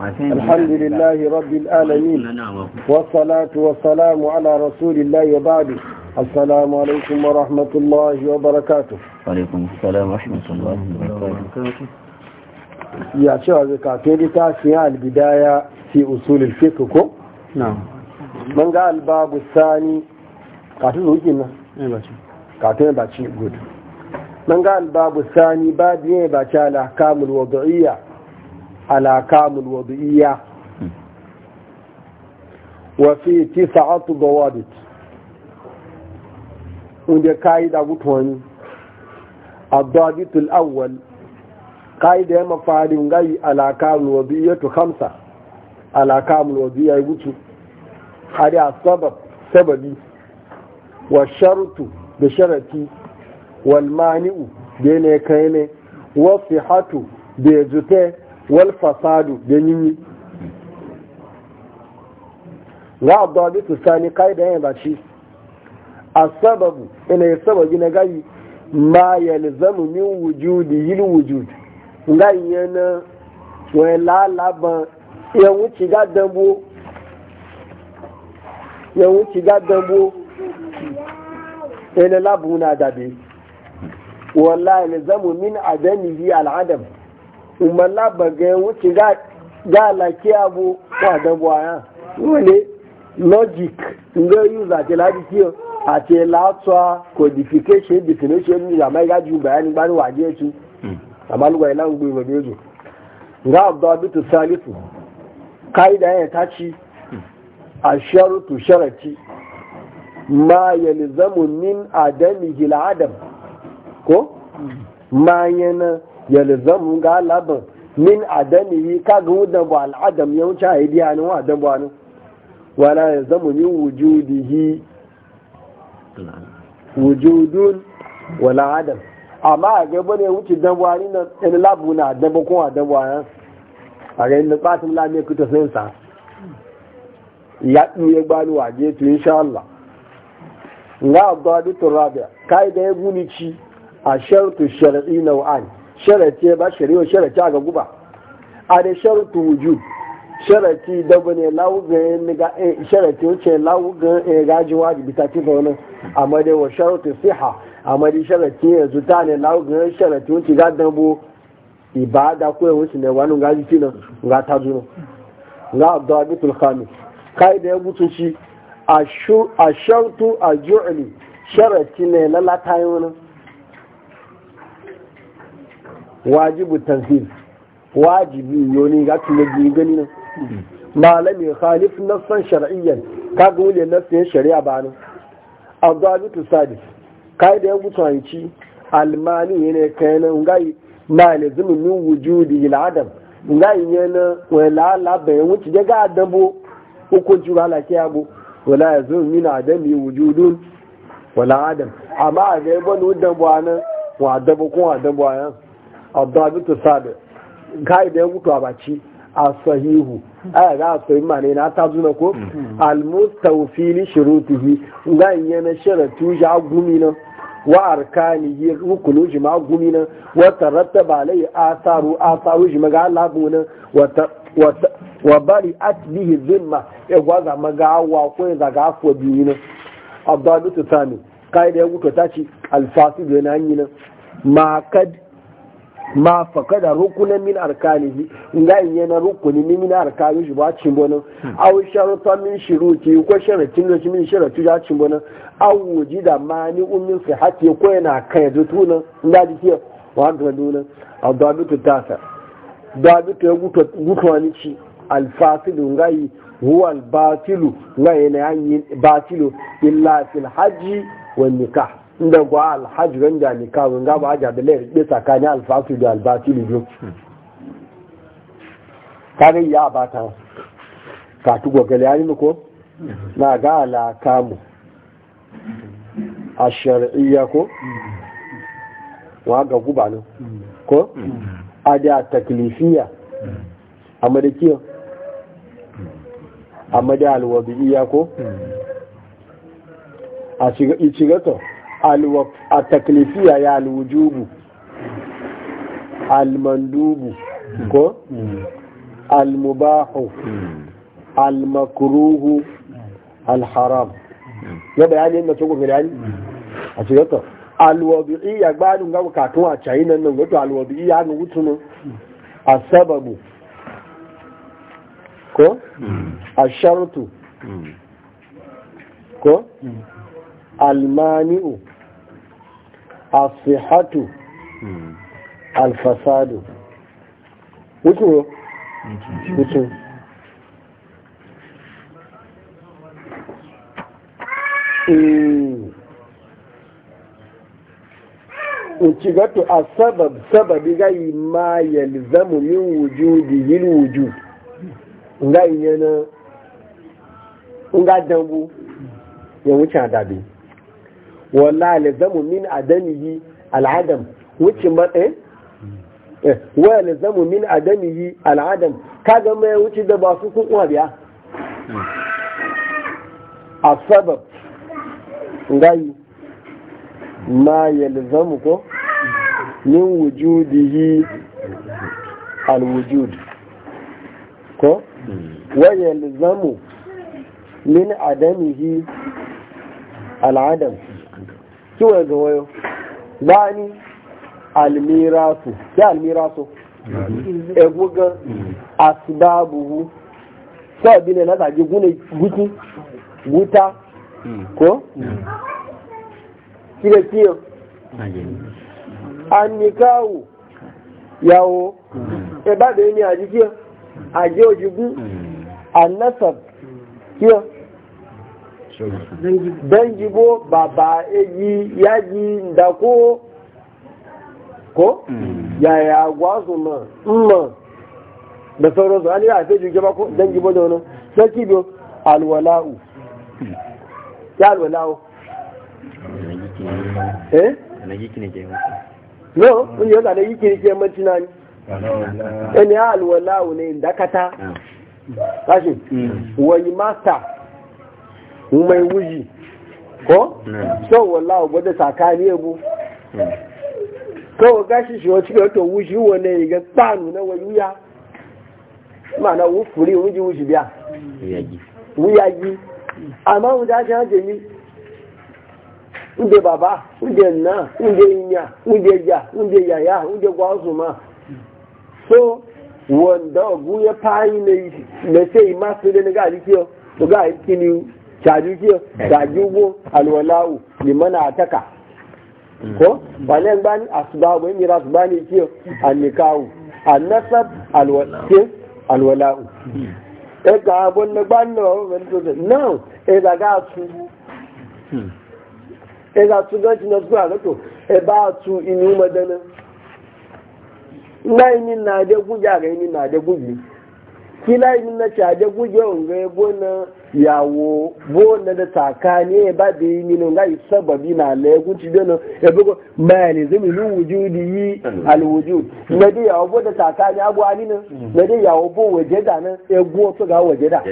الحمد لله رب العالمين والصلاة والسلام على رسول الله وبعد السلام عليكم ورحمة الله وبركاته عليكم السلام ورحمة الله وبركاته يا شوازي هذا تاسي على البداية في أصول الفقه كم نعم من قال الباب الثاني كاتب وجهنا قاتل باتشي قد من قال الباب الثاني باب يبا على أحكام الوضعية الاحكام الوضعيه وفي fi ضوابط dawadit قاعده بتون الضابط الاول قاعده مفاد غي الاحكام الوضعيه خمسه الاحكام الوضعيه كام الوضعية يقول هذا السبب سببي والشرط بشرتي والمانع بين كاينه وصحته بيجته wal fasadu da yi ga sani kai da yana ba a sababu ina ya sababu na gari ma zama min wujudi yil wujud gari yana wani lalaban ya wuce ga dambo ya wuce ga dambo ina labuna dabe wallahi yalzamu min adamihi al'adam umalla baga wuce ga laki abu wa da buwaya wale logic nga yuza ti lati kiyo àti látọ́ codification definition ní àmáyájú bayani gbani wà díẹ̀ tu àmàlùwà ìlànà gbé ìwọ̀n méjì nga àbúdá bí tó sálífù káyidà yẹn táchi àṣẹrù tó ṣẹrẹtì máa yẹ ma zẹ́mu ní àdẹ́mì ìhìlá adam kó hmm. máa yẹn yalzamu ga laban min adamihi kaga wudan bu al'adam ya wuce a biya ni wa dan bani wala yalzamu min wujudihi wujudun wala adam amma ga bane wuce dan bani na in labu na dan ba ko dan bani a ga inda fatim la me kuta sai sa ya duye gbani waje to insha Allah na abdu turabiya kai da ya guni ci a shartu shar'i nau'ani sharace ba shari'a sharace ga guba a da sharutu wujud sharati dabo ne lawugan ga eh, sharati wuce lawugan gaji eh, wajibi ta ci zaune amma dai wa sharatu siha amma dai sharati ya zuta ne lawugan sharati wuce ga dambo ibada ko ya wuce ne wani ga ta zuwa ga abdul khamis kai da ya mutu shi a shartu a ju'li sharati ne lalata yi wani wajibu tanzil wajibi yoni ga tun da gani nan malami khalif nassan shar'iyyan ka ga wule nassan shari'a ba nan adalutu sadis kai da yan gutanci almani ne kai nan ngai ma lazimin min wujudi ila adam ngai ne na wala la bayan wuce daga adabo hukunci ba la abu wala yazum min yi wujudun wala adam amma ga yabon wudan bwana wa adabo ko adabo ya? الضابط السابع قاعدة متابعتي asahihu aya ga asahihu ma ne na ta zuna ko mm. almustawfi li shurutihi ngan yana sharatu ja gumi nan wa arkani rukunu ji ma gumi nan wa tarattaba alai asaru asaru ji maga Allah nan wa wa bari at bihi zimma ya e gwaza maga wa ko ya ga afwa biyu nan abdalu tutani kaida ya wuto taci alfasidu yana yi nan ma kad ma fakada rukunan min arkanihi nga yana na ni min arkani shi ba cin bono aw sharuta min shuruti ko sharatin da min sharatu ya cin ma ni wujida mani ummin sihati ko yana kai da tuna nga ji ke wa an da tuna a dabitu tasa dabitu ya gutu wani ci alfasidu ngai huwa batilu nga yana yin batilu illa fil hajji wan nikah inda gwa alhaji ran da ne kawo ga ba ga da lairi ke tsakanin alfasu da albatili biyu kare ya ba ta ka tu gogal ya ni ko na ga alakamu. a shar'iyya ko wa ga guba ne ko a da taklifiya a madakiyo a madahalwa biyu ko hmm. a shiga to التكليفية يا الوجوب المندوب كو المباح المكروه الحرام يبقى يعني ان تشوفوا في العلم اتيوتا الوضعية بعد نغو كاتوا تشاينا نغو الوضعية نغو تنو السبب ko asharutu ko almani'u asihatu alfasadu wuto wuto eh. Ucigatu a sabab sababi gai ma yalzamu min wujudi yin wujud gai yana nga dambu ya wuce dabi. wallahi lazamu min adamihi al'adam wuce matsayin eh? eh, ya lazamu min adamihi al'adam kaga mai wuce da ba su kun uwa biya asbab ngai ma ko min wujudihi alwujud ko wa yalzamu min adamihi al'adam kiwa ga wayo bani almirasu ya almirasu egugan asbabuhu sai bi ne na zage gune guki guta ko kire kiyo annikawu yawo e ba da ni aji kiyo aje ojigun hmm. annasab kiyo dangi bo baba eji yaji ndako ko mm. yaya gwazo ma mma da sauransu an yi a fi jirgin mako dangi bo da wani sarki biyo alwala'u ya alwala'u eh? no kun yi wata da yi kirke manci na ni ya alwala'u ne dakata kashi ah. mm. wani mata mai wuyi ko hmm. so wallahi gwada tsakani ebu hmm. kawai gashi shi wacce ga to wuji wane ga tsanu na wayuya mana wufuri wuji wuji biya wuyagi amma mu dace ha jemi inda baba ya inda so ya na ga ga shaju kiyo eh. shaju bo alwalau mana ataka mm. ko wale ban asbabu mi rasbani kiyo mm. annikahu annasab alwalau alwalawu mm. e ga abun na ban no wen to no e da ga su e da su ga na su ga to e ba su inu madana ngai ni na de guja ga ni na de guji kila yi na caje guje onga bona yawo bona da tsakani e ba da yi mino ga babi na legun ci dono e bugo mali zumi lu wujudi yi al wujud na dai yawo bo da tsakani abu ani na na dai yawo bo waje da na e go to ga waje da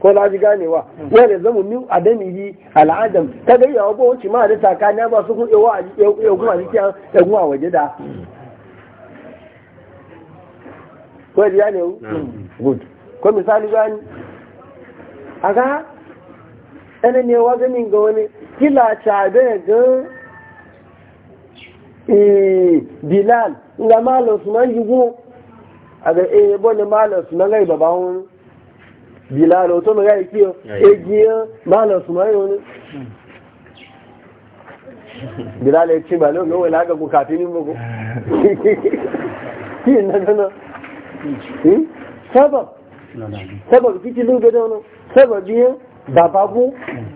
ko na ji ganewa wani zamu min adami yi al'adam ta ga yawo bo wuce ma da tsakani ba su ku ewa egun e, e a jikin egun a waje da ko ya ne good ko misali gani aga ana ne wa ganin ga wani kila ta ga eh, bilal nga malo usman yugo aga eh bonne malo usman eh, eh, ga baba won bilal to me ga kiyo egiyo malo usman won bilal ya ci balo ga wala ga bukatun mu ko ki na gana Hmm? sabab sabab kiti lube da wani sabab biya bababu hmm.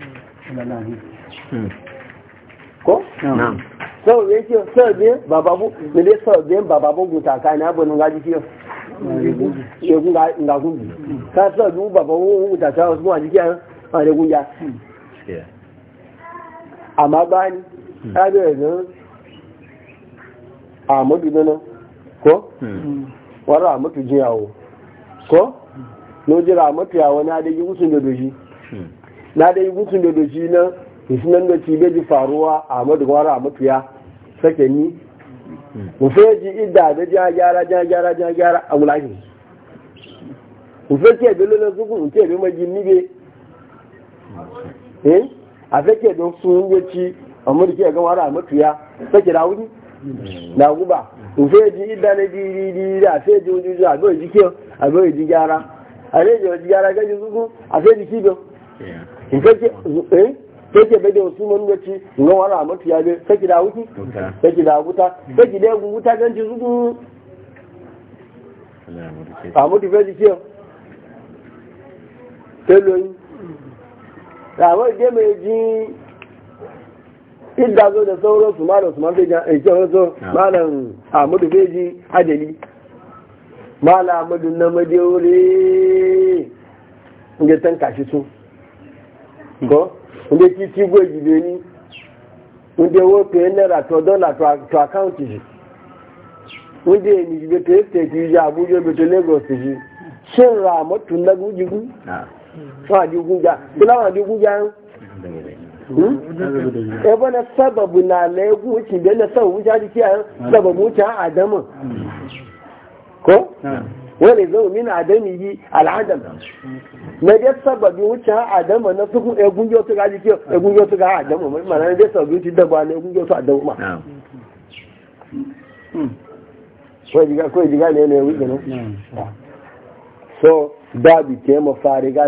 ko? ya ce sabab biya bababu sabab biya bababu guta ka ga ka sabab biyu bababu guta a a hmm. eh, eh. ko? wa rahmatu jiyawo ko no ji rahmatu ya wani adai gusun da doji na dai gusun da doji na isnan da ci ji faruwa ahmadu wa rahmatu ya sake ni mu fe ji idda da ja gyara ja gyara ja gyara a mulaki mu fe ke dole na zugun ke bi maji ni be eh a fe ke don sun yaci amma da ke ga wara rahmatu ya sake da wuri na guba òféèjì ìdánilẹ́jì ìrírí àféèjì ojújú àgbẹ̀ òjì kí ọ àgbẹ̀ òjì yára àlejò òjì yára gẹ́jú gúgú àféèjì kí bọ. keke bai da wasu manuwaci ngon wala mutu ya bai saki da wuki saki da wuta saki da yagun wuta ganci zugu a mutu fai jikiya teloyi rawar dai mai jin peter zo da sauransu malam su mafi ga ake wasu ah. malam amadu feji ajali malam amadu na madewure inda tan kashi su ko inda titi gwe gibe to account ji inda ya ni gibe to ya teku ji abuja beto lagos ji shin ramatu na ebe na sababu na na egwu wuce hmm. na sababu wuce hajji kiyaye sababu wuce adamu ko wani zama na adami yi al'adam na dai sababi wuce adamu na sukun egun yau ga hajji egwu egun yau suka adamu ma na dai sababi wuce daba na egun yau adamu ma kawai diga so fariga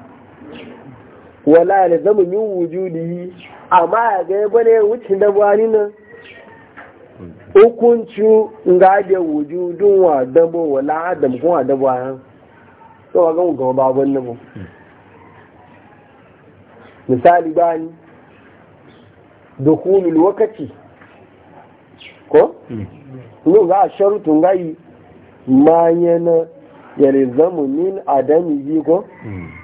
wala da zama yin wujudi amma ya ga yaba ne wucin da bani nan Hukuncin ga da wujudun wa dabo wala adam kuma da dabo ha to ga mu gaba babun nan mu misali bani dukhulul lokaci ko hmm. no ga sharutun gai manyana yare zamu min adami ko hmm.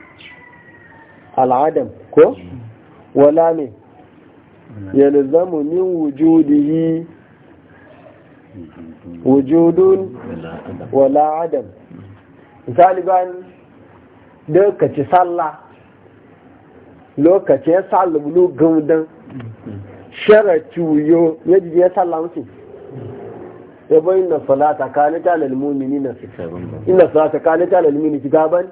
al'adam ko wala ne yalzamu min wujudihi wujudun wala adam galiban lokaci sallah lokacin sallah lu sharatu yo yadda ya sallah musu ya bai na salata kanita lil mu'minina inna salata kanita lil mu'minina kitaban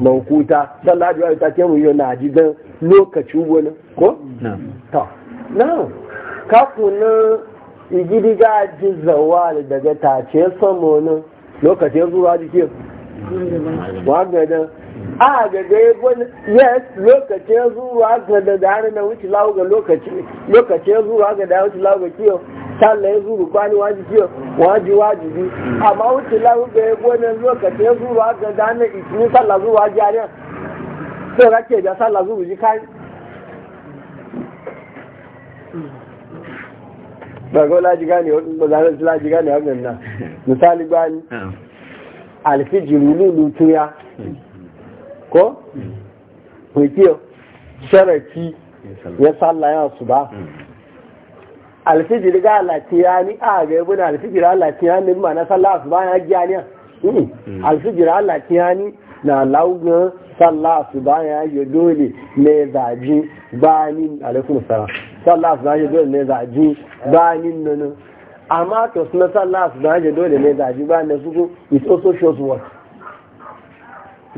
mawquta sallah da ta ce mu yi na ajidan lokaci wani ko ta na ka kuna igidiga jizawal daga tace samonin lokacin zuwa jikin wagadan a gaga yes lokacin zuwa ga da dare na wuce lawo ga lokacin zuwa ga da wuce lawo ga kiyo sallah ya zuru bani waji jiya waji bi amma wuce lahu ga ya gona lokacin ya zuru haka da hannun ikini sallah zuru waji a nan sai rake da sallah zuru ji kai ba ga laji gane ba za su laji wannan nan misali bani alfijiru lulu tuya ko? sharaki hmm. ya sallah su ba. Hmm. alfijir ga a ga yabu na alfijir latiya ni ma na sallah su bana giya ni hmm. hmm. alfijir na laugun sallah su bana ya dole ne zaji bani alaikum salam sallah su ya dole ne zaji bani amma sallah ya dole ne zaji bani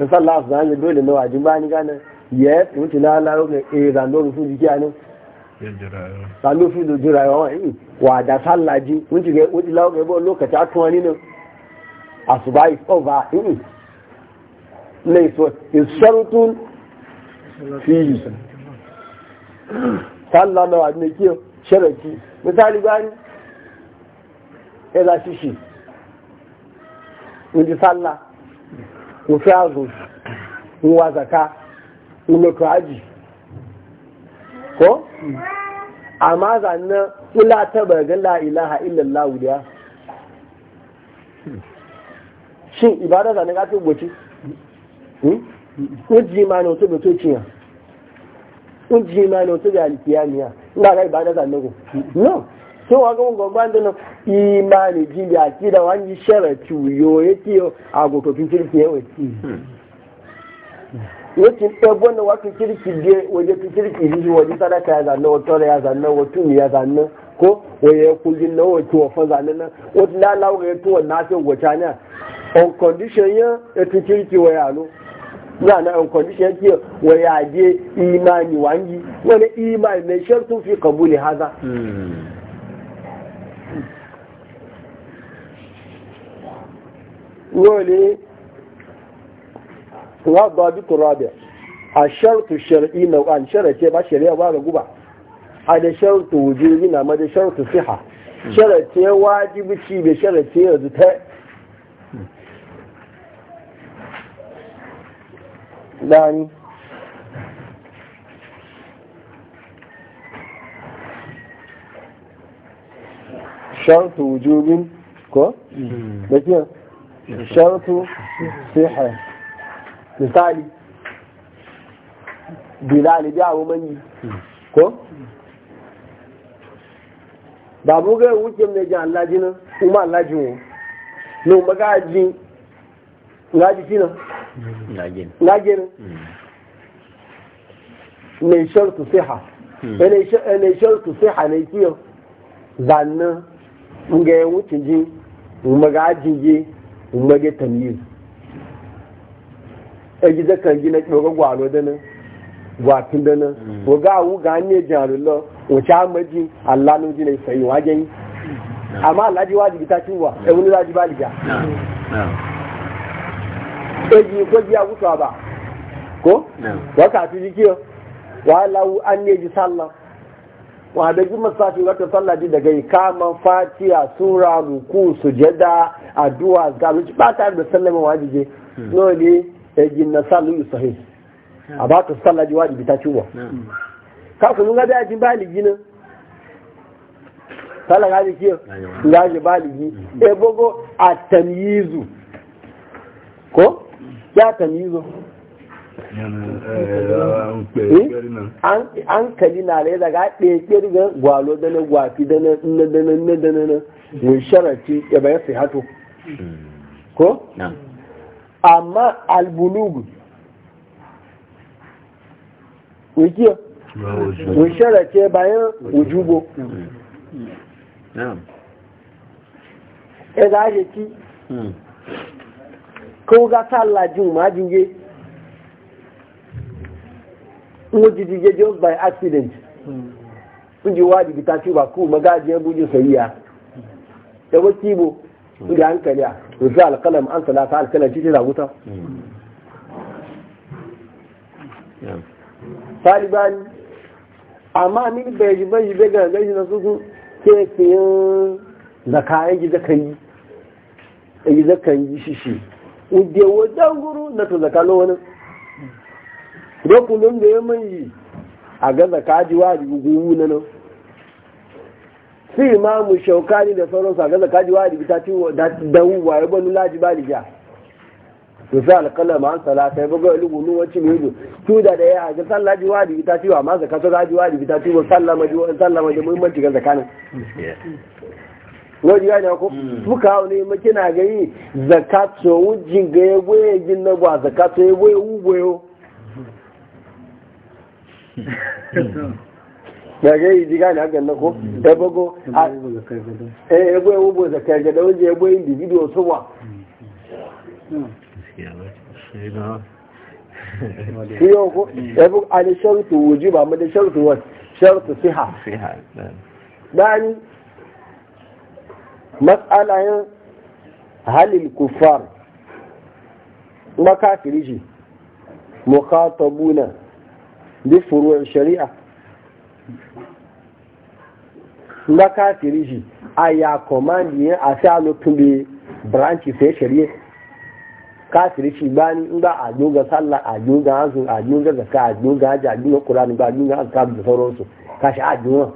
also sallah ya dole ne salo eh, eh, eh. fi dojú ra sallaji. yìí wà dá sálájí ń jù gẹ ojú láwọn gẹbọ lókàtí àtún wọn nínú àṣùbá ìfọba yìí lè sọ ìṣẹrùtù fi yìí sálálọ àdínẹkí ṣẹrẹkí mítàlí bá ní ẹlà ṣíṣì ń di sálá òfin àzò ń wà zàká ń lọkọ àjì. ko amma zanna kula ta baga la ilaha illallah wuya shin ibada zanna ka ta ma ne otu beto ciya ma ne otu da alkiyamiya ba ga ibada zanna ko no tí wọ́n gún gbogbo ẹ̀dùn yake ɗabo na wata kirki je waje ta kirki shi waje sadaka ya wa wato ya wa tuni ya zanna ko waje kullum na wa wato wafa zanna na wato lalawa ga yato wannan fi gwata na on condition ya yato kirki wa yano na na on condition yake wa yaje imani wangi wani imani mai shartu fi kabuli haza hmm. wani wa babitu rabi a shartu shari'i na an sharace ba shari'a ba ga guba a da shartu wujubi na ma da shartu siha sharace wajibi ci da sharace yanzu ta dani شرط وجوب كو لكن shartu siha misali bilali bi abu manyi ko ba mu ga wuce mai jin Allah jinin kuma Allah jin wo no maga ji ngaji Na ngajin na? Hmm. ne shartu hmm. e e siha ne ne shartu siha ne kiyo zanna mun ga wuce ji mu maga ji ji mun maga tamyiz e gida kan gina ɗoga gwalo da nan gwatun da mm. ko ga wu ga ne jarullo wace amaji allah nu jina sai wajen mm. amma alhaji wajibi ta cinwa e wani zaji baliga e ji mm. ko ji agusa ba ko wa ka tu jikiyo wa lawu an ne ji sallah wa da ji masafi wata sallah ji daga ikaman fatiha sura ruku sujada addu'a ga ba ta da sallama wajibi no ne ejin eh, na salu sahih hmm. a ba sallah ji wajibi ta ciwa hmm. ka kunu ga da jin baligi nan sallah ga ji e bogo ko ya tamyizu an kali na rai daga ɗaya kirga gwalo da gwafi da na na da na na da na na ya bayan hato hmm. ko? amma albulugu wikiyo wishara ce bayan wujubo ẹgbẹ́ ajé tí kí ó gátà lájú májúyé wọ́n jìdí jẹ́ just by accident ń jí wá jìdí tàbí wà kú magájẹ́ bújú sẹ́yí ya ẹgbẹ́ tí ibo ń jẹ́ àǹkẹ̀lẹ́ à rufe alkalam an talata alkalam na wuta talibani amma ni bai ji bai bai ga gaji na su ke fiyin zaka ya gida kan yi ya gida kan yi shishi inda wajen guru na to zaka lo wani rokulun da ya mai yi a ga zaka ji wa a na wunanan sai imamu shaukani da sauransu a gaza kaji bi bita ci da wuwa ya bani laji ba lija to sai alƙalar ma an salata ya buga wani gunu wacce mai yi su da da ya ga sallah ji bi ta ci wa ma zaka ta gaji bi ta ci wa sallah ma ji wa sallah ma muhimmanci ga zakanin wani ne ko hmm. suka hau ne maki na gani zakato wujin ga ya goye gin na ba zakato ya goye ugoyo daga yi ji gane hakan na ko mm. ebogo eh ebo ebo bo zakar gada wanda ebo individual so wa kiyo ko a mm. ala sharutu ba amma da sharutu wa sharutu siha ha. dani mas'ala yin halil kufar makafiri shi mukhatabuna bi furuwar shari'a nga kafiri shi a ya komandi ya a sa lotun bi branch sai shari'a kafiri shi ba ni nga a yoga sallah a yoga azu a yoga zaka a yoga haji a yoga qur'ani ba yoga azkar da sauransu kashi a yoga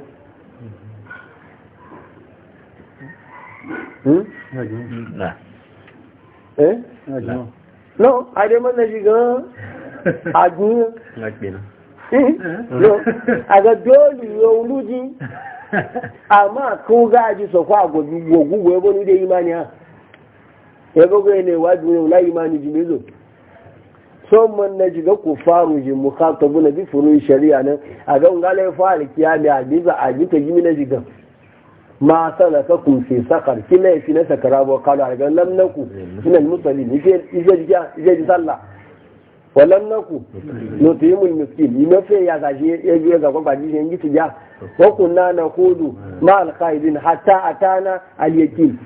hmm? eh no na shiga a Eh? Eh? a ga dole yau luji amma kun za a ji sako a gogugu ya bani da imani ha ya gogo ya newa duniya la imani ji mezo son man na ji ga ku faru ji mu mukhatabu na bi furu shari'a nan a ga ngala fa fara kiyami a biza a ji ta gimi na ji ga ma salaka kun fi sakar ki ya fi na sakara bo kalu a ga lamnaku eh, minal musallin ije ji sallah walam naku nutimul miskin yi mafi ya gashi ya biya ga kwakwa jishin yi su ja wakun na na kudu ma alkhaidin hatta a tana alyakin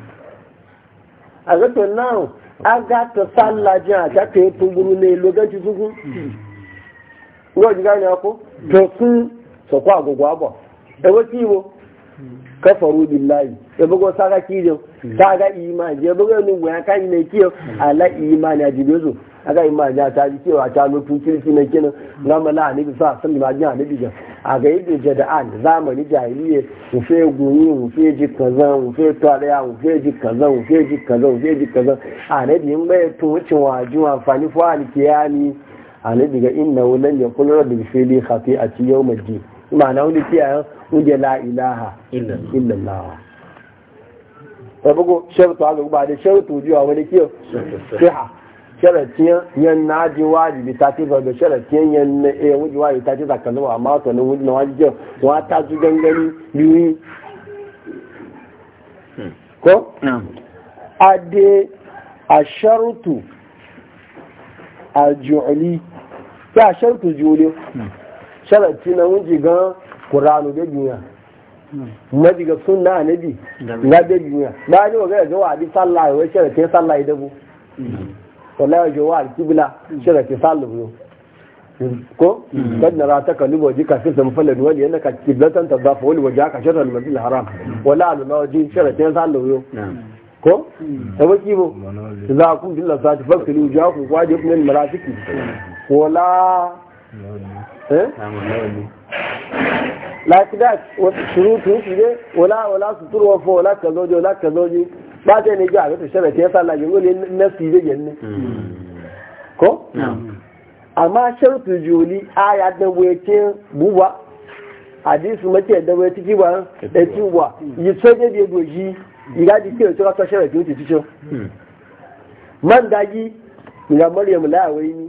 a zato na a ga ta sallajin a ta kai tunguru ne lokaci suku yau ji gani ako to sun sokwa agogo abo da e wasu iwo kafaru billahi ya e bugo saka kijin ta ga imani e ya bugo yin gwayan kan ne kiyo ala imani a jibezo aga imma ya ta ji cewa ta tun kirki na kina na mala bi sa san ma ji ne a ga da jada'an zamani jahiliye mu fe guni mu fe ji kaza mu fe tariya mu fe ji kaza mu fe ji kaza mu fe ji kaza annabi in bai to wucin wa fani fa alkiyami annabi ga inna ya kullu rabbi fi li khati'ati yawm ad-din ma'ana wani kiyaye wuje la ilaha illallah ta bugu shartu haka ba da shartu jiwa wani kiyo siha sharatiyan yan naji wajibi ta ce ga sharatiyan yan eh wuji wajibi ta ce zakkan zuwa amma to nan wuji na wajibi wa ta su gangani biyu ko ade a sharutu a ju'uli ya sharutu ju'uli hmm. sharati na wuji ga qur'anu da duniya hmm. nabi ga sunna nabi na da duniya ba ni wa ga ga wa bi sallah wa sharati sallah da bu hmm. wala yajuwa al-qibla sharafi salu ko kad nara ta kalubo ji ka fisa mufallad wani yana ka kiblatan ta zafa wani waje aka shirar masjid haram wala aluna waje sharatin sallu yo ko ta baki bo za ku dilla sa ta fakilu ja ku kwaje kuma ni marafiki wala eh la kidat shuru shurutu ne wala wala sutur wa fa wala kazoji wala kazoji ba ta ne ga ta shara ta yasa la yango ne nasi zai yanne ko amma shartu juli aya da wace buwa hadisi mace da wace ki ba da ki ba e yi sai da biye doji yi di ke to ka shara ki ti cho man daji ga maryam la wai ni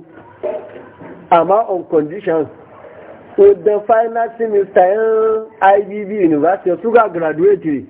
amma on condition with the final semester IBB University to graduate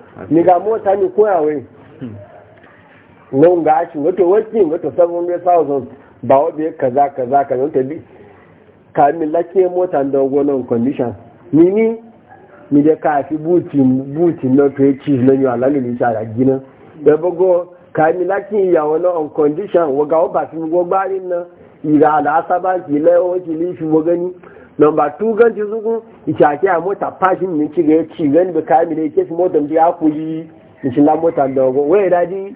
ni ga mota ni koyawai hmm. nan ga shi wato wacce wato 700,000 ba wabe kaza kaza kaza wata bi Ka mi lake mota da gonan condition ni ni mi da fi buti butin e na to yake na yi alalu ni sha da gina da bago kamin lake yawo na on condition wa ga ba fi go gbarin na ira da asaba ki lewo ki lifi gani nọmba tu ganci zugun ìṣàkí àmọ́ta pàṣí mi ti rẹ̀ ti rẹ̀ níbi káyà mi ne ke sí mọ́tò bí a yi yí shi mọ́ta mota da go wai da ji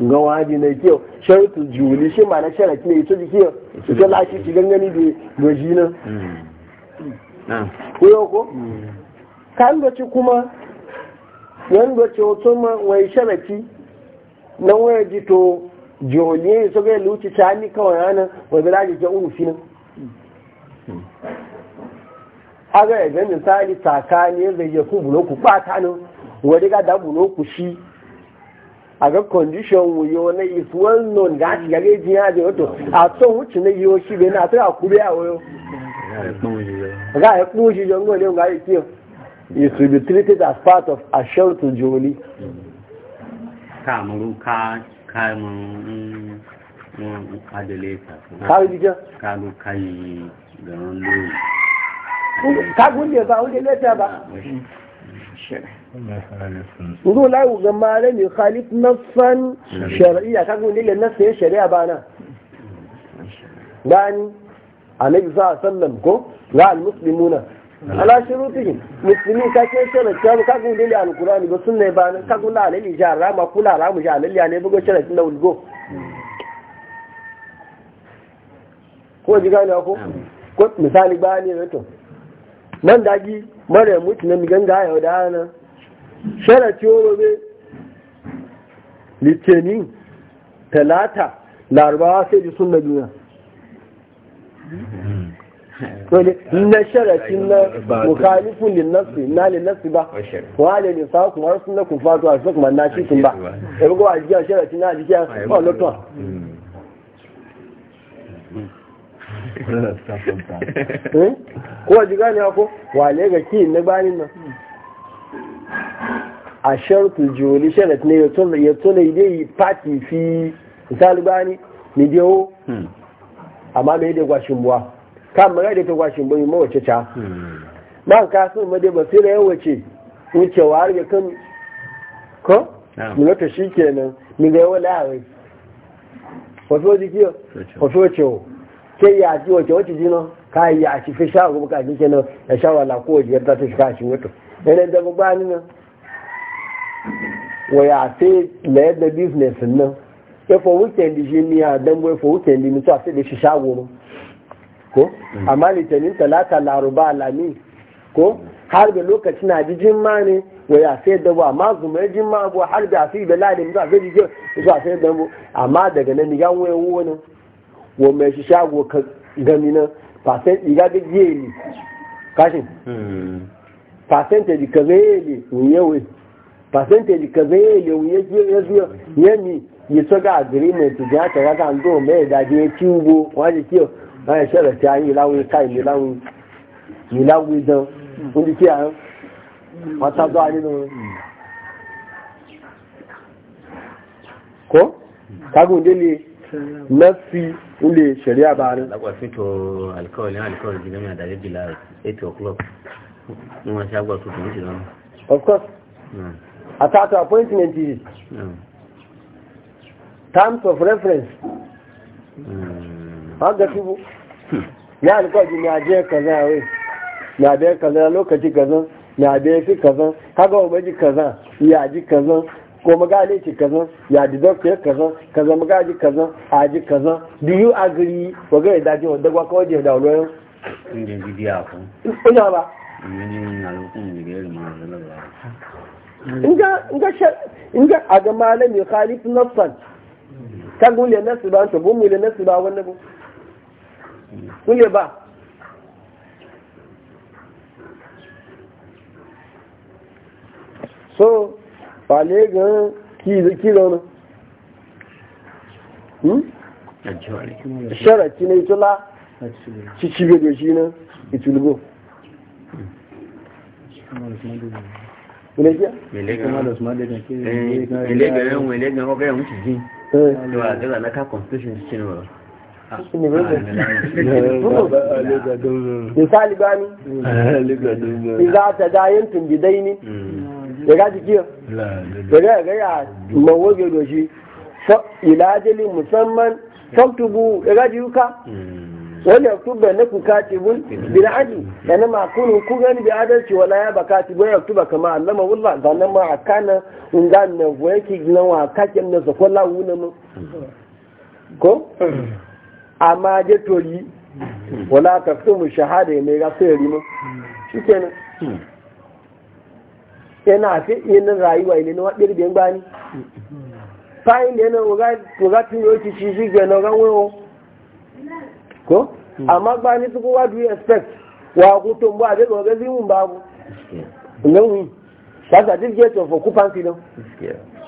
ga waji na kiyo sharutu juli shi ma na shara ki ne ji ke ito lashi shi gangani da gaji nan hmm. hmm. kuyo ko hmm. kan ci kuma yan ci wato ma wai sharaki nan waya ji to joli so ga luci tani kawai ana wai da ji ke urufi nan aga ya misali aka zai ya ku bulo ku bata nan wani ga da bulo ku shi a condition na well known ga shi ga ji ya da wato a son wuce na yiwo shi bai na tsaya ku biya wayo ga ya ku is to be treated as part of a to joli ka mu ka ka mu mu mm, adaleta mm, ka ji ka ka mu kai garon kagun ne ba wani leta ba Ndu la yu ga mare mai khalif nassan shari'a kaga wani le ya shari'a ba na. Bani Annabi sa sallam ko ga al almuslimuna ala shurutihim muslimi ka ke sharatta ba kaga wani le alqur'ani ba sunna ba na kaga la alali jarra ma kula ramu ja alali ne bugo sharatin da ulgo. Ko ji gane ko? Ko misali ba ne to. man daji mara mutu na miganga ya da ana sharafi be litini talata larabawa sai da sunna duniya na sharafin na mukalifin linnasi na linnasi ba wa ne ne sa kuma har na kun zuwa su kuma na shi kun ba ya bugu a jiya sharafin na jiya a lokacin hmm. ko ji gane ko wale ga ki na bani nan a shartu joli sharat ne ya tuna idai fati fi misali bani ni dewo hmm. amma me da gwashin buwa kan mara da ta gwashin buwa ma wace ta hmm. ma ka sun ma dai basira yawa ce wucewa har ga kan ko mulata shikenan ni ga yawa la'awai wasu wajikiyo wasu wacewa sai ya ji wace wace jino ka yi a ci fi sha gobe ka ji kenan ya sha wala ko waje yadda ta shiga shi wato yana da ba ni nan ya ce na yadda business nan ya fa weekend shi ni a dan boy fa weekend ni to sai da shi sha go ko amma litinin talata laruba ni. ko har da lokaci na ji ma ne ya sai da ba ma zuma ma bu har da fi da ladin za sai ji zuwa sai da bu amma daga nan ni yan wayo wani wa mai shi shago ka gani nan percent iga da yeli kashin percentage ka zai wuyewe percentage ka zai yeli wuyewe yami yi so ga agreement ya ta raga an do mai da je ti ugo wani kiyo wani shara ta yi lawi kai mi lawi mi lawi don wani kiyo wata zuwa nínú ko kagun dele nafi ule shari'a ba ne lagwa fito alkawali alkawali gidan ya dare bila 8 o'clock mun wa shagwa su tun shi zama of course a ta ta appointment is hmm. terms of reference har ga tubu ya alkawali na je kaza wai na biyar kaza lokaci kaza na biyar fi kaza haka ubaji kaza ya ji kaza ko magali ki kaza ya di doctor kaza kaza magali kaza aji kaza do you agree ko ga da ji wanda kwa kawai da wani inda bidiya ku ina ba ni ni yin alukun ni ga ma da inga inga sha inga aga malami khalif nafsan kan gule nasu ba to bu mule nasu ba wannan bu gule ba so wale ga kilo na sharaki na itula cikibe da shi na eh, eh. itulgo ah, ah, eh, misali bani iza ta dayin tumbidaini ya jikiya, kiyo ya ga ga ya mawoge doshi ilajali musamman faktubu hmm. ya gaji wani yaktuba na ku katibun bil adi yana ma kunu ku gani bi adalci wala ya ba katibu ya yaktuba kama allama wallah da nan ma akana nga na weki na wa kakem na zakola wuna mu ko amma je tori hmm. wala tafsimu shahada mai ga sai rimo shikenan hmm. yana fi yin rayuwa ne na waɗin biyan bani fayin da yana wagatun yau ci shi ga na ranwayo ko amma bani su kowa do you expect wa hutun ba zai ga zimun babu nan ta certificate of occupancy don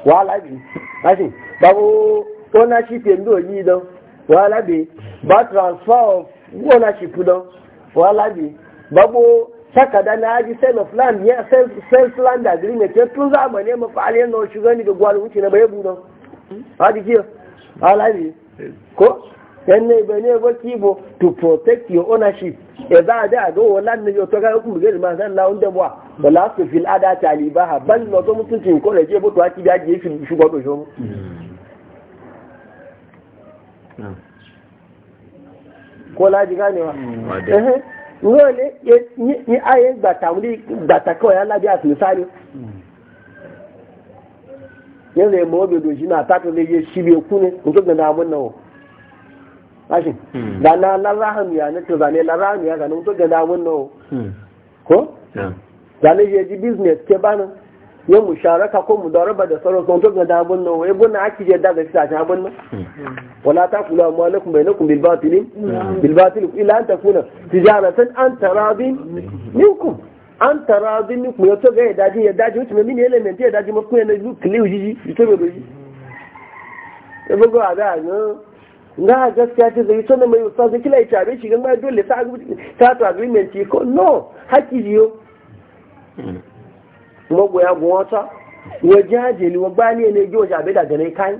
wa alabi ashin babu ownership yin do yi don wa alabi ba transfer of ownership don wa alabi babu takada na ji sai na land ya da gari ne ke tun zamani ma fa'ali yana wasu gani da gwal wuce na bai budon hadi kiyo alabi ko yan ne bai ne ba kibo to protect your ownership e za a da a ga wannan ne to ga ku ga ma san lawun da bwa wala su fil ada taliba ha ban lo to mutunci ko da je bo to aki da je shi shi godo shi mu hmm. ko laji ganewa hmm, eh wole ni aye gbata wuli gbata kawai ya labi a misali yanzu ya mawabe doji na ta tole ya shibe ku ne in kuka na mun nawo ashin da na laraham ya na to zane laraham ya ga na mun o. ko zane ya ji business na. ya sharaka ko mu mudaraba da sauran sun tuka da abun nan wai bunna ake je daga shi ta abun nan hmm. wala ta kula ma lakum bainakum bil batil hmm. bil batil illa an takuna tijaratan an taradin minkum an taradin minkum ya to ya daji ya daji wuce mai mini element ya daji mutum ya nazu kliu jiji ito be doji e a ada no nga gaskiya ce zai tona mai ustazi kila ya tabe shi gan ga dole ta ta agreement ko no haki jiyo hmm. magoya gwata wa jajeli wa gbani ne giwa jabe da ganai kai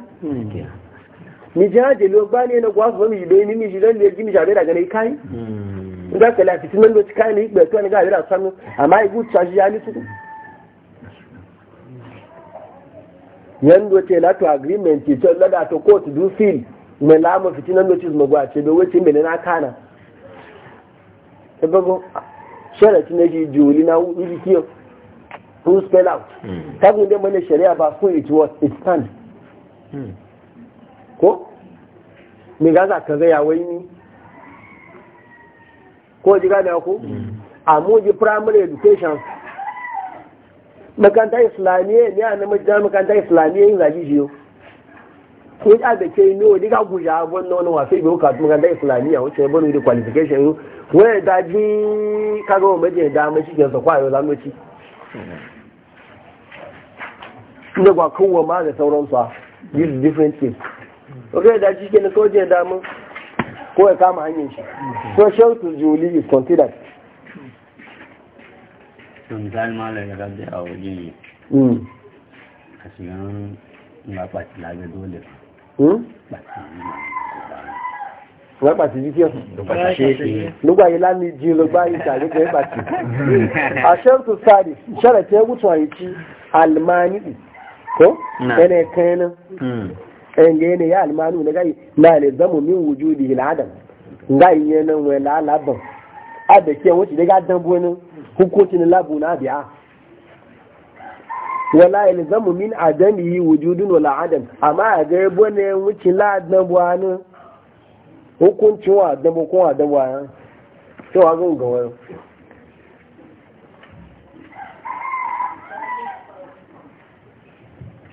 ni jajeli wa gbani ne gwasu ba mi bai ni mi jiran ne gini jabe da ganai kai da hmm. ka lafi tunan da cikai ne gbe tuwa ne gabe da sanu amma igu caji ya nisu yando ce la to agreement to court be na kana e na to spell out kafin dai mana shari'a ba ko it was it stand hmm. ko me ga za ka zai wai ni ko ji gane ku hmm. a mu ji primary education makanta islamiyya ne a namar jami'a makanta islamiyya yin zaji jiyo ko ji abe ke ni o diga guja abuwan na wani wasu ibe kuka tun makanta islamiyya wacce ya bani da qualification yi wani daji kaga wa da dama shi ke sa kwayo zamoci da ba kowa ma da sauransu a use different things Ok, da shi kenan kawai jiya damun ko ya kama hanyar shi so to juli is considered sometimes malam ya rabbi a waje ne a shigan ba ɓaci lagar dole ba wọ́n pàtí jíkẹ́ lúgbàyí lámì jí lọ́gbàyí tàbí pẹ̀lú pàtí àṣẹ́ tó sáré ṣẹ́rẹ̀ tí àyíkí almani'i ko yana kayanan ɗan da yana ya almanu na gai na ne zama min wujudi hiladan gai yana wai lalaban a da ke wace daga dambu wani hukuncin labu na biya wala ilzamu min adami wujudun wala adam amma a ga yabo ne wuce la dambu wani hukuncin wa dambu ko wa to ga wani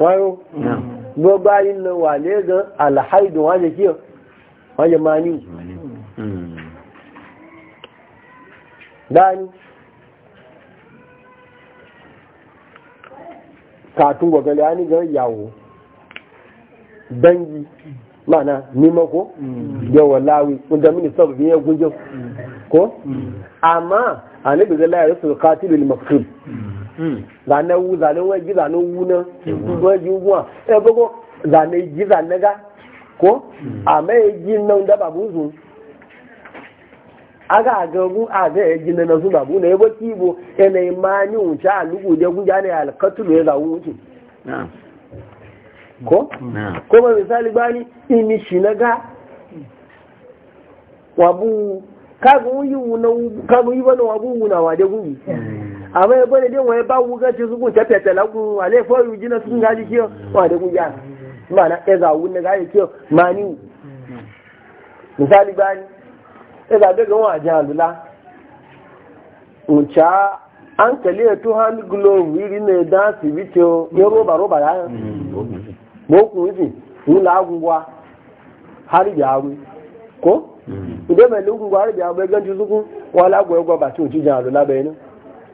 wayo gbogbo ayin lọ wà lẹ́gan alhaidu wọ́n kí ọ wọ́n máa hmm. ní katun gwagwale ya ni ga yawo dangi mana nima ko hmm. yawa lawi wanda mini ya gujo hmm. ko amma a nabi zai Hmm. zane wu zane wani ji zane wu na wani eji wu a e, boko zane ji zane ga ko hmm. a eji ji nan da babu zu aga agagu aga ya ji na su babu na yabo kibo yana yi mani wuce a lugu da guja ne alkatulu ya zawo wuce ko ko ba misali bani ini shinaga wabu kagun yi na kagun yi bana wabu wuna wade àwọn ẹgbẹ́ ilé wọn bá wúgẹ́ ti sùkùn tẹ́pẹ̀tẹ̀ lákùn alẹ́ fọ́ ìrù jìnà sùkùn gáàjì kí ọ wọn àdékùn yá mana ẹzà wúni gáàjì kí ọ máa níwù misali gbani ẹzà bẹ́ẹ̀ wọn àjẹ́ àlùlá ǹchá an kẹlẹ́ ẹ̀tọ́ hand glove rí ní ẹ̀dá sí bí tí ó yẹ rọ́bà rọ́bà láyà mọ́kùnrin sì ń láàgùn wa hárìbì àrùn kó ìdẹ́mẹ̀lógún mm. wa hárìbì àrùn ẹgbẹ́ ti sùkùn wọn alágùn ẹgbọ́ bàtí òjijì àlùlá bẹ́ẹ̀ ni?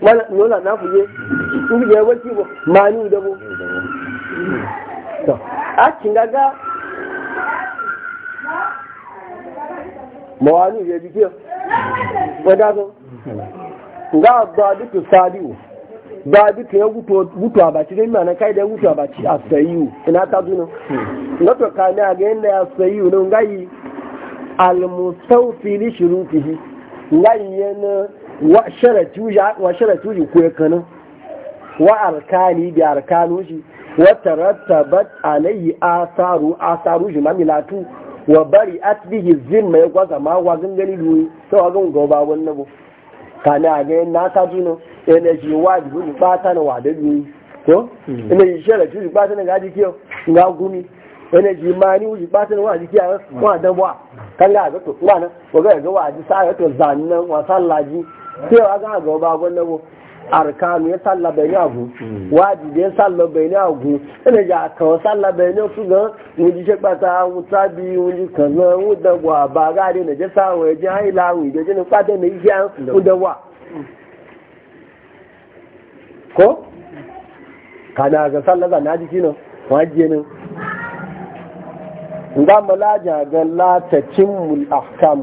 wala nola na fuje in ga yawanci ba mani da bu to a kin daga mawani ya ji ke wada so ga ba duk sadiu ba duk ya guto guto ba ci dai mana kai da guto ba ci a sayu ina ta duno na to kana ga yanda ya sayu ne ngai al mustawfi li shurutihi ngai yana wa sharatu ji kuwa kanin wa arkani bi arkanu shi wa tarattabat alayhi asaru asaru shi mamilatu wa bari at bihi zimma ya gwaza ma wa gangani duwi sai wa gan goba wannan bu kana ga na ta juno ene shi wa ji bu ba ta na wa da duwi ko hmm. ene shi shara ji ba ta na gaji kiyo ga gumi energy ma ni wuji batin wa jiki a wa dan wa kan ga ga to wa nan wa ga ga wa ji sa ga to zannan wa sallaji tí wa ga ga ọba wannan mu arkanu ya salla bayani agu wajibi ya salla bayani agu ina ja ka salla bayani su ga mu ji she kan na mu da gwa ba ga de je je je nga malaja ga latacin mul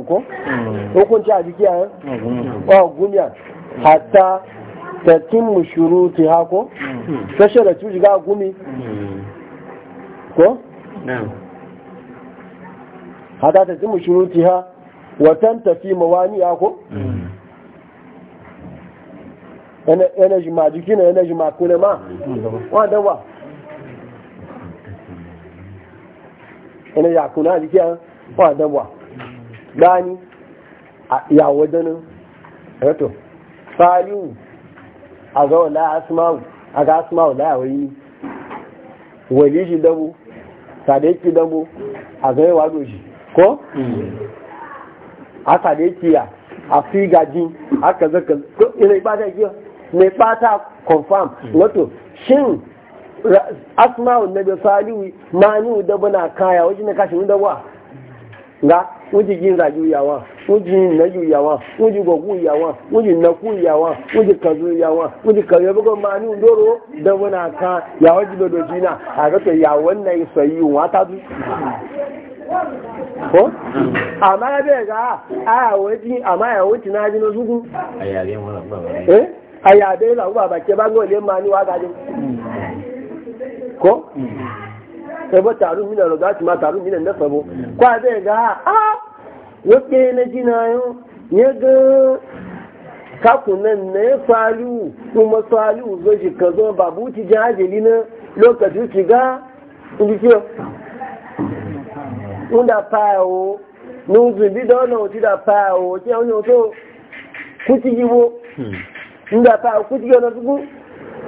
ko hukunci hmm. a jiki a wa eh? gumiya hatta ta timmu shuruti ha ko ta shara cuci ga gumi hmm. ko hatta ta timmu shuruti ha watan tafi mawani ha ko yana hmm. jima jiki na yana jima kuna ma wadda wa ina ya kuna jiki an wa dabwa gani ya wadanin rato saliu a ga wala asimawu a ga ni la yawayi waliji dabo sadeki dabo a ga yawa doji ko a sadeki ya a fi gaji aka zaka ina ibada yi mai fata confirm hmm. wato shin asma'un nabi salihu mani da bana kaya wajen na kashin da wa ga wajen raju yawa wajen na ju yawa wajen gogu yawa wajen na ku yawa kazu yawa bugo mani doro da bana ka ya wajen da dojina a ga to ya wannan sayi wa ta zu ko amma ya bai ga a wajen amma ya wuce na ji na zugu a yare na ba eh a la ba ke ba mani wa ga ko sai ba taru mina roga ci ma taru mina na sabo kwa zai ga a wake na jina yau ya ga kakunan ne ya falu kuma falu zo shi ka zo ba buci jin hajjali na lokacin shiga inda pa inda fayawo nuzu bi da wani wuce da fayawo ce wani wuce kuci gibo inda hmm. fayawo kuci gana zugu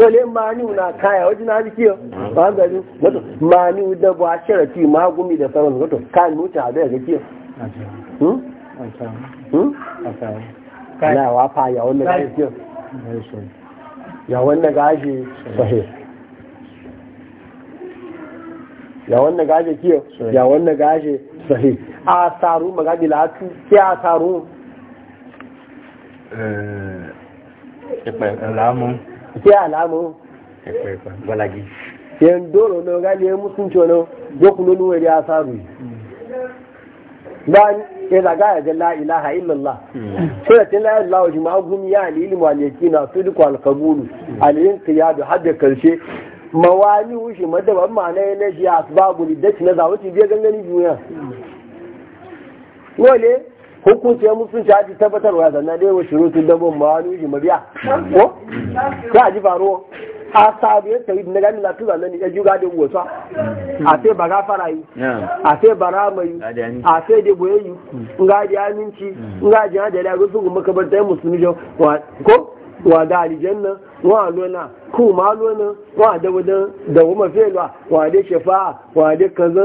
wale maniu na kaya waje na ji kiyo ba gari wato maniu da ba sharafi magumi da sauran wato kan mutu da daga kiyo hmm? Hmm? na wafa ya wanda ga kiyo ya wanda ga shi sahi ya wanda ga shi kiyo ya wanda ga shi sahi a saru magabi latu sai a saru eh Alamun sai alamu balagi yan doro na gali yan mutunci wani dokuno nuwa ya saru ba ya zaga ya ga la ilaha illallah sai ta la ilaha wa jima'a gumi ya alilmu wal yakina sidqu al qabulu al inqiyadu hadda karshe mawali wushi madaban ma'ana yana ji asbabu lidati na zawuci biya gangani duniya wale hukunci ya musulunci haji tabbatarwa zanna dai wa shirutun dabon ma wani uji mabiya ko ya ji faruwa a sabu ya tawi na gani latu zanna ne ya juga da wasa a sai ba gafara yi a sai ba rama yi a sai da boye yi nga ji aminci mm. nga ji hajjali a gusu kuma kabar ta yi musulmi ko wa da alijanna wa lona ku ma lona wa da wadan da kuma felwa wa da shafa wa da kaza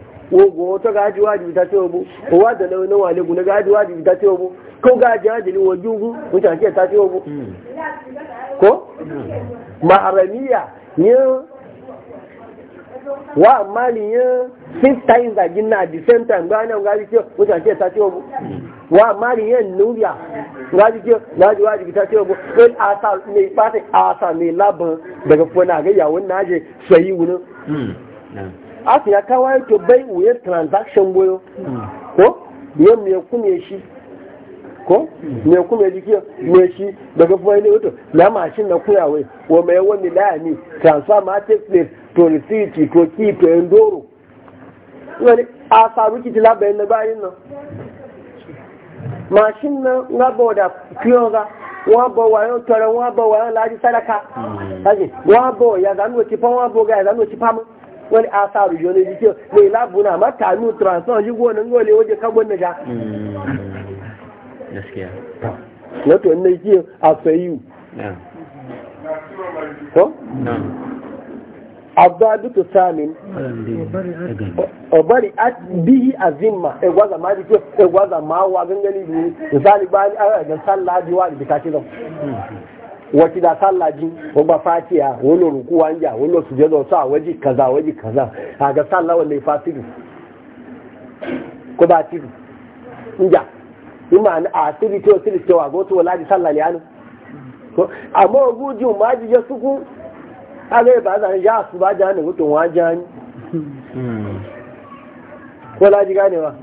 wogo to gaji waji ta ce obu kowa da launin wale na gaji waji ta ce obu ko gaji waji ne wajen gu mutane ta ce obu ko wa amma ni yin six times a gina at the same time ba na ngaji ce mutane ta ce obu wa amma ni ce ce obu asa asa daga fona ga yawon naje sayi aka ya kawo yake bai wuyar transaction boyo ko biyan mai kume shi ko mai kume jikiya mai shi daga fuwa ne wato na mashin na wai, wa mai wani layani transfer ma take place to receipt to key to endoro wani a faru kiti labarin na bayan nan mashin nan da kiyon ga wọ́n bọ̀ wọ̀nyán tọrọ wọ́n bọ̀ wọ̀nyán láti sádàkà wọ́n bọ̀ yàzánú òtípá wọ́n bọ̀ wani asaru yau ne jikin mai labuna ma tanu transan shi gonan gole waje ka wannan sha mm, gaskiya na to ne jikin a sayu ko abdadu to samin obari at bihi azimma e gwaza ma di e gwaza ma wa gangani bi misali ba ni a ga sallah di wa di kace zan wacce da sallaji ko ba fatiya wani rukuwa ya wani su jado su a wajikaza kaza waje kaza a ga sallah wanda ya fasiru ko ba Nja, inja ima na a siri to siri to a goto wala di sallah ne anu amma guji ma ji ya suku aga ba zan ya su ba jan ne gutun wajan wala ji ganewa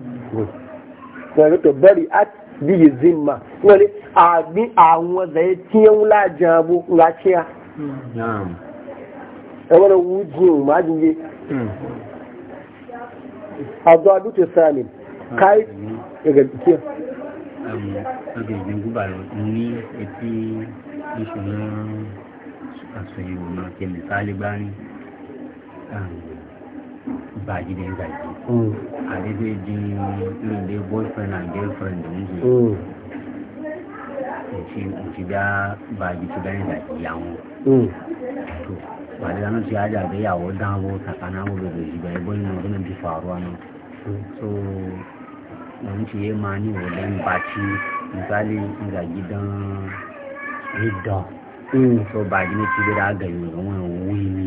ko to bari at biyi zimma wani abin awon da ya tiye wula jabo nga ciya ẹwọ́n wújìn májúyé àjọ adútò sáàmì káì ẹgbẹ̀gbẹ̀ gúbà ní etí ìṣúná àṣòyìnbó náà kí ẹ̀mẹ̀ta lè gbá ní àrùn um, bàjẹ́ ní bàjẹ́ àdédé di lóde boyfriend and girlfriend níbi èsì òsì bá bàjẹ́ tó bẹ́ẹ̀ bàjẹ́ yàwọn tó bàjẹ́ lánàá tí ajá àgbéyàwó dáhùn kàkànà wọ́n bẹ̀rẹ̀ ìgbà ẹgbẹ́ nínú ọdún náà ti fàárọ̀ àná so wọ́n ti yé máa ní ìwọ̀lẹ́ ń bàtí misali ga gidan mm. so bàjẹ́ ní ti bẹ̀rẹ̀ àgàyìn òun wọ́n wúyí ni.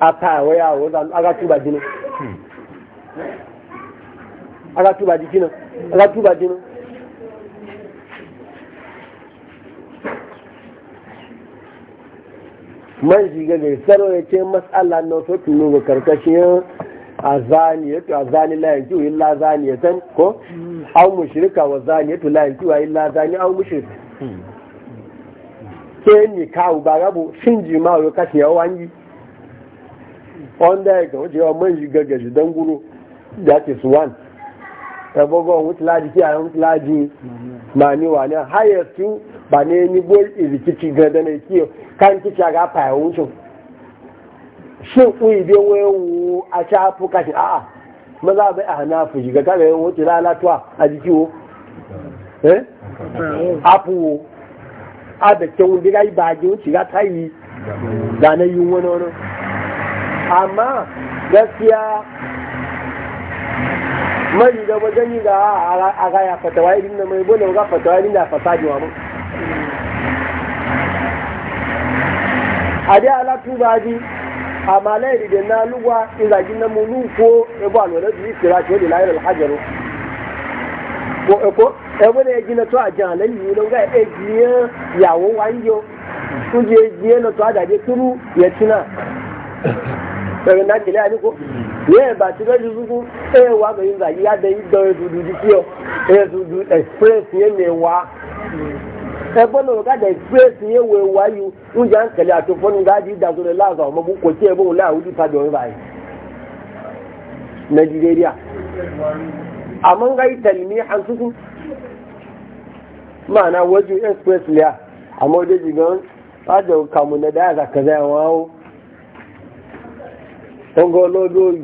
aka waya wanda aga tuba jinin aga tuba jinin aga tuba jinin man shiga ga tsaro ya ce matsala na sotu ne ga karkashin azani ya to azani la yanki wa illa zani ya san ko an mushrika wa zani ya to la yanki wa lazani zani an mushrika hmm. ke ni kawo ba rabu shin jima'a ya kashe yawon yi wanda ya ga wucewa man shi ga don guru da ke suwan ta gogo wuce laji ki a wuce laji ma ni haya su ba ne ni bol ga da kiyo kan kici ga faya wucin shi uyi bai wayo a shafu kashi a'a maza bai a hana fi shiga kaga yin wuce lalatuwa a jiki wo eh wo a da yi ba ji wuce ga yi. da na yi wani wani amma gaskiya mari da wajen yi ga a gaya fatawa irin da mai bane ga fatawa irin da fasadi wa mun a dai ala tuba bi amma lairi da na lugwa in zagi na mulu ko ebo alwala da zikira ke da layar alhajaru ko eko ebo ne gina to a jan lalle ne ga e giye yawo wanjo kuje giye na to a da turu ya tuna daga na kele ani ko ye ba ti be ya de yi do di ti o e du du express wa e bo no ga de express ye we wa yu un ja kele ato da gore la ba yi an mana ma'ana wajen express liya amma wajen kamu na daya za ka ogo olóògbé oyi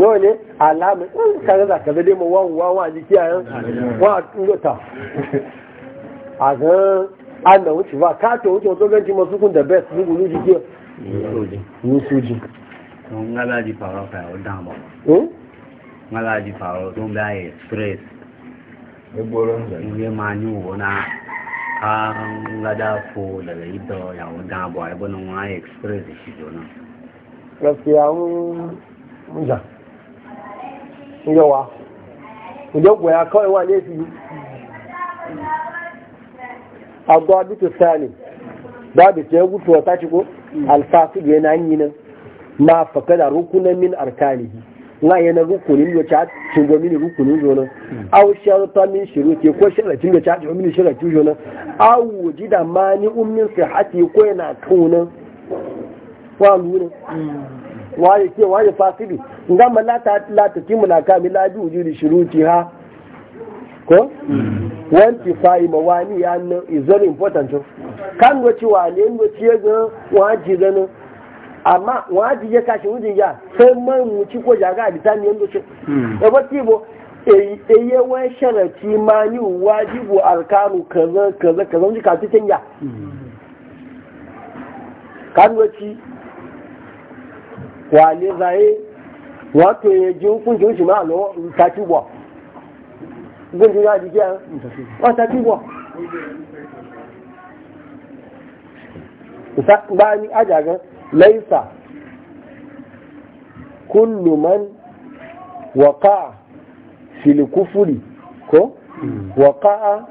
wọ́n ní aláàmì kàrẹ́sà kẹfẹ́dé mọ̀ wọ́n wọ́n wọ́n àdíkí àyán wọ́n àtúndòta àgán àdàwùn ti wà káàtò oúnjẹ tó gẹ́ jí mọ́ súnkún dẹ̀bẹ̀ sínkún ló jíjẹ́ ní sójì ngálàájì pàrọ̀ fẹ́ ó dáàmọ̀ stress gaskiya mun ja yawa idan goya kawai wa ne fi agwa duka sani babu ce gutuwa ta shigo alfasu da yana yi nan ma faka da rukunan min arkanihi na yana rukunin da ta shigo mini rukunin zonan au sharuta min ke ko sharatin da ta shigo mini sharatin zonan aw wujida mani ummin hati ko yana kaunan wa lura mm. waye ke waye fasidi nga malata la takimu la kamila bi wujudi shuruti ha ko ti mm. fa'i wani ya no is very important to kan go ci wale ngo ci ga waji no amma waji ya ka wujin ya sai man mu ci ko jaga da tani yando ci mm. e ti bo e, e ye wani sharati ma ni wajibu alkanu kaza kaza kaza mu ka ci tanya kan go ci wale zaye wato ya ji hukuncin shi ma alo ta tubwa zan ji ya jikiya wa ta tubwa bani ajagan laisa kullu man waqa'a fil kufri ko waqa'a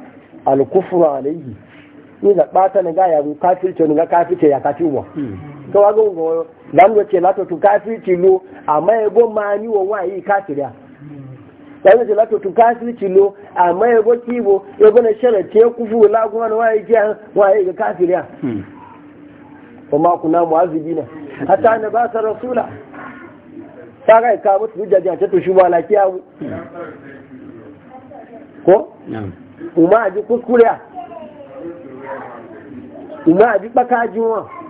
al kufru alayhi ni da bata ne ga ya kafirce ne ga kafirce ya kafirwa kawa ga ungo lango ce lato tu kafirci lo amma ego ma ni wo wa yi kafiriya lango ce lato tu kafirci lo amma ego kibo ego na shere ce kufu la kuma wa yi kiyan wa yi ga kafiriya kuma kuna mu'azzibina hatta na ba sa rasula ta ga ka mutu hujja ta to shi ba lafiya ko kuma ji kuskure kuma ji bakaji wa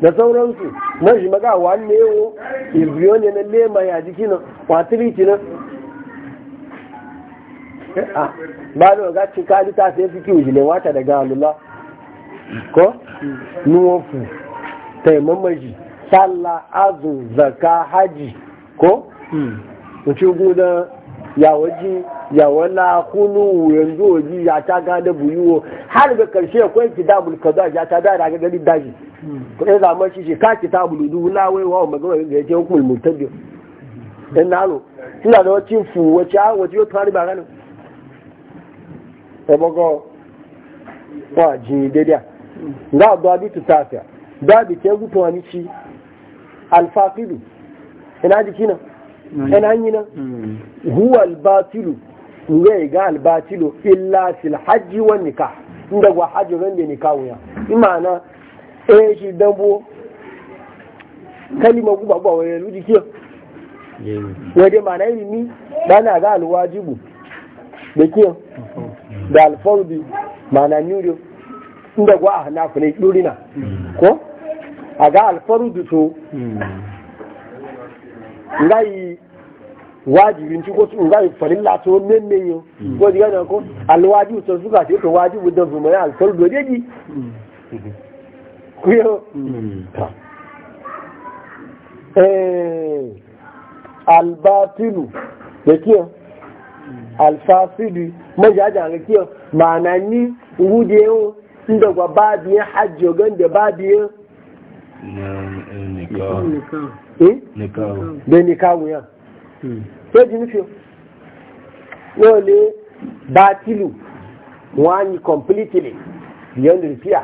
da sauransu na shi maga wanne yawo ibriyo ne na lema ya jiki nan kwatiriti nan ah, ba da ga cin kaji ta sai fi kiwo jile wata daga alula ko nuwofu taimamaji sallah azun zaka haji ko hmm. mutu gudan yawo waje ya wala kunu yanzu waje ya ta ga da buyuwo har ga karshe akwai kitabul kaza ya ta da daga gari daji ko dai zaman shi shi ka kitabul du la wai wa magana ga yake hukumul mutabbi dan nalo ina da wacin fu wace a wace yo tare ba sai ebogo wa ji dedia da bi abi tafiya da bi ke gutuwa ni ci alfaqidu ina jikina ina mm. na, mm. huwa albatilu nga ga albatilu illa fil hajji wan nikah inda wa hajji ran da nikahu ya imana eh shi dambo kalima guba guba wani luji kiyo wadda mana ilimi bana ga alwajibu da kiyo da alfarbi mana nuriyo inda gwa a ne ɗurina ko a ga alfarbi to ngai wajibi ci ko tun ngai farilla to nenne yo mm. ko diga na ko alwaji to suka ce to wajibu da zuma ya alkol do deji mm. ku mm. eh, yo eh albatilu yake alfasidu ja ga kiyo Mana ni wuje yo inda gwa babiyan hajjo ganda babiyan da nikahu ya sai ji nufi yau ne batilu wani completely beyond repair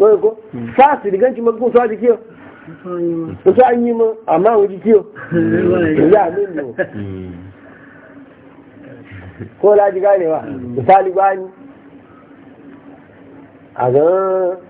wani ko sa su diganci magun sa jikiyar wasu an yi ma amma wani jikiyar ya nuna ko laji ganewa misali bani a zan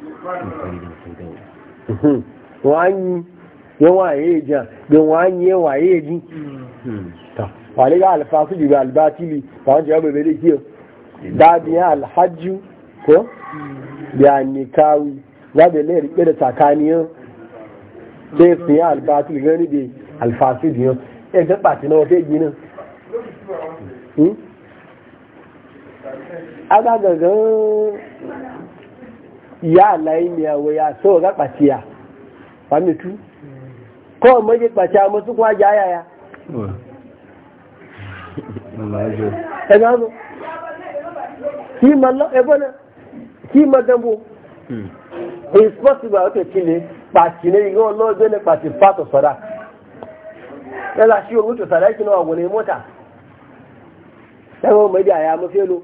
Hmm. wani yawa ya yi ja don wani yawa ya yi hmm. ta ga alfasu ga albatili ba wani jawabai bai da kiyo dadiya alhajju ko ya nikawi za da lai rike da tsakaniyar sai su yi albatul gani da alfasu biyan ya e, ga ɓaci na wata ginin hmm? a ga gagan ya wa ya waya so ga ɓaciya famitu kawai maji ɓaciya masu kuma jaya ya ɗaga zo kima dambo Is possible wata cile ɓaci ne yi gawon lọ́zọ́ ne ɓaci fata sara ɗaga shi wa mutu sara yake nawa gwane mota ɗaga mai da ya mafi lo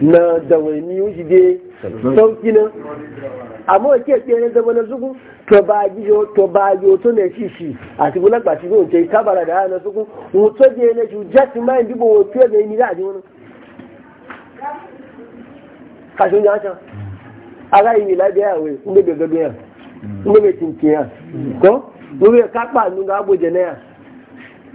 na dawaini wuce dai sauki nan amma o ke ɗaya da wani zuku to ba gijo to ba yoto ne shi shi a ti bulan ba shi zo ce kabara da hana zuku wuto je ne shi jati ma yin dibo wotu ya zai ni za a ji wani kashin ya can a ga yi mila da yawe inda bai gado ya inda bai tinkiya ko? Nube kakpa nunga abuja na ya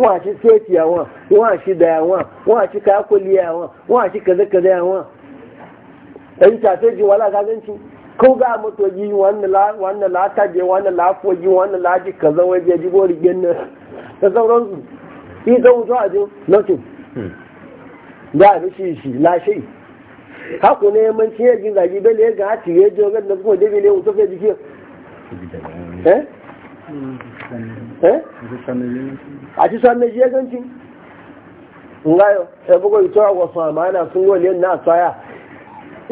wọ́n àti séètì àwọn wọ́n àti dà àwọn wọ́n àti kákòlì àwọn wọ́n àti kẹ́lẹ́kẹ́lẹ́ àwọn ẹ̀yìn tàfẹ́jì wọn alágagẹ́ntì kó gá mọ́tò yìí wọ́n nà látàjẹ́ wọ́n nà láfọ́jì wọ́n nà láti wọ́n jẹ́ jíbó rí gbẹ́nà da sauransu yi a shi haku ne man ga jo ga da kuma dabi ne jiki eh eh àti sọ́nà ìṣe gẹ́ǹtì ńláyọ̀ ẹ̀bùkọ̀ ìtọ́ na àmàlà fún wọlé na sọ́yà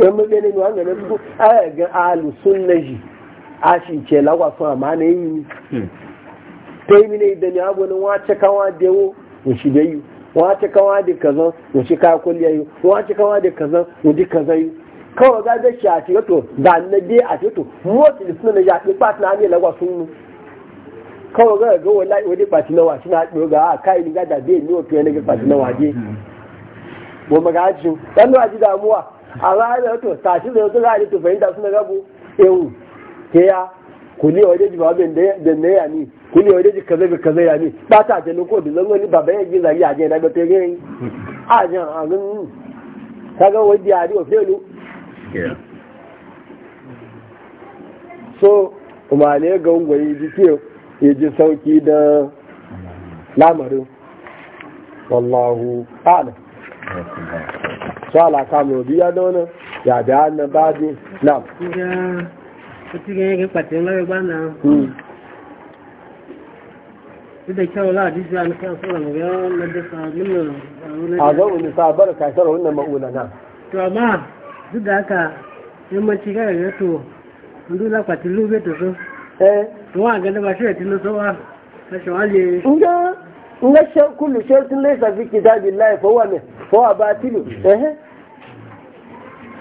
ẹ̀mọ́gbẹ́ nínú àwọn ẹ̀rẹ́ fún ẹ̀gẹ́ alùsùn lẹ́yìn a sì ìṣẹ̀ láwàsán àmàlà èyí ni tẹ́yìn ní ìdẹ̀ni àbọ̀nù wọn àtẹ́káwọn kawa ka kulliya yi wace kawa da kazan wuce kazan yi kawai ga da shi a cikin to da na dai a cikin to motsi suna na jaɗi ba na ne lagwa kawai ga ga wallahi wani pati na washi na doga a kai ni gada bai ni wato ne ga pati na waje ko magaji dan waji damuwa a ranar to tashi da zuwa ne to fahimta suna gabu ewu ke ya kuli waje ji babu da ne ya ni kuli waje ji kaza kaza ya ni ba ta da ko da zango ni baba ya ji zagi a ga daga mm. to ga a jan a gan kaga waje ya ri o felu so kuma ne ga ungwayi ji ke ya ji sauki da lamarin wallahu ala sọ́la kàmù bí yá lọ́nà yàbẹ̀ ánà bá dé náà ti gẹ́gẹ́ pàtẹ lọ́rọ̀gbá náà Ìdẹ̀ kẹwọ́ láàdí sí àmì kẹwọ́ sọ́rọ̀ mọ̀ yọ́ lọ́dẹ́sà nínú àwọn Àzọ́wò na ma'ula náà. Tọ́ máa aka, wọ́n àgẹ́dẹ́gbà ṣe ẹ̀tí ló sọ́wọ́ ẹ̀ṣọ́ wá lè ńgá ṣe kúlù ṣe tún lè sàfi kìtàbí láì fọwọ́ mẹ́ fọwọ́ bá tìlù ẹ̀hẹ́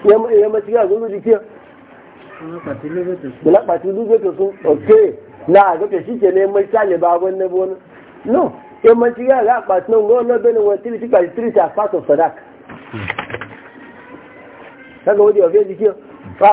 ìyẹmọ ti gbà gbogbo dìkíọ́ ìlápàtí lúgbẹ́ tó sún ọ̀kẹ́ náà àgọ́kẹ́ sí ìṣẹ̀lẹ̀ ẹmọ ìṣàlẹ̀ bá wọn ní bọ́ọ̀nù no ìyẹmọ ti gbà gbà pàtí náà ńgọ́ ọlọ́bẹ̀ni wọn tírì tírì tírì tà part of sadak lágbàwọ́ di ọ̀fẹ́ dìkíọ́ fáà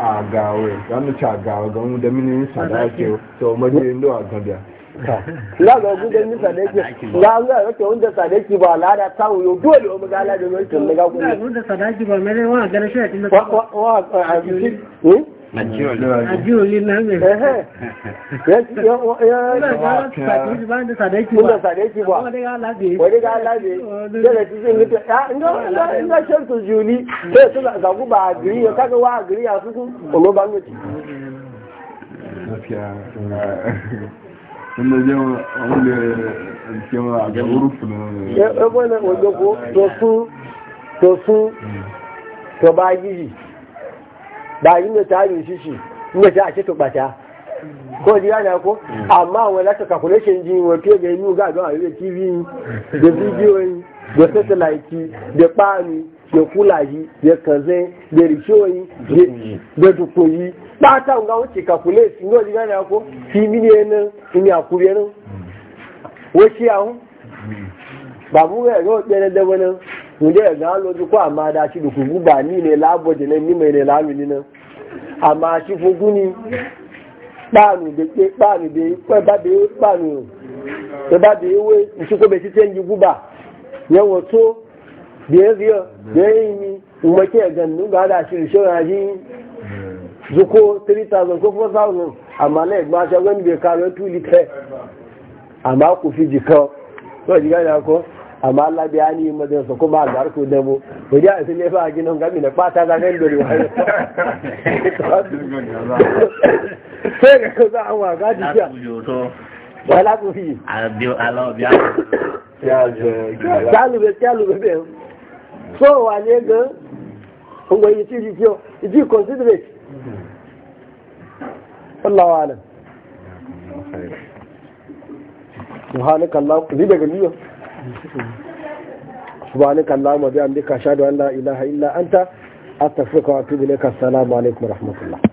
a agawe yanu ci agawe ga mu da mini sadake to maje ndo agabiya la ga gudan ni sadake la ga ga to wanda sadake ba lada ta wuyo dole o maga la da mai tun daga kuma wanda sadake ba mere wa ga shi a cikin da wa wa a Nàìjíríà náà mẹ́rin. Ẹ̀hẹ́. Yẹ́ tí yọ́ wọ́n yọ́ sàdẹ́kì wà. Sàdẹ́kì wà. Wọ́n dé gá lábẹ́. Wọ́n dé gá lábẹ́. Jẹ́lẹ̀ tí sí ní pé, ah, ń gá ṣẹ́ntù jù ní, ba inda ta yi shi shi inda ta ake tukbata ko ji yana ko amma wani lati calculation ji wa fiye ga yi ga don a yi da tv da bidiyoyi da satellite da bani da kulaji da kaze da rikiyoyi da dukoyi ba ta ga wuce calculate ko ji yana ko fi miliyan in ya kubenin wasu yawon babu ga yau ɗaya da wani wunde ga lozu ko amma da shi duku guba ni ne labo je ni mai ne lami ni na. amma shi fuguni banu be pe banu be pe ba be banu to ba be we shi ko be shi tenji guba yan wato biye biye biye ni e, e umma ke gannu ga da shi shi raji zuko 3000 ko 4000 amma le gba se gbe ni be ka lo tu litre amma ku fi ji jikan to jiga da ko amma Allah biya ni madan sa kuma ga harko da mu to dai a sai fa gami na ba ta zagan dore sai ga ko za a wa gadi ya wala ku fi biyo biya ya ya lu be ya lu be so wa ne ga yi ci ji ji considerate alam subhanaka allahumma bihamdika ashhadu an la ilaha illa anta astaghfiruka wa atubu ilayka assalamu alaikum wa rahmatullah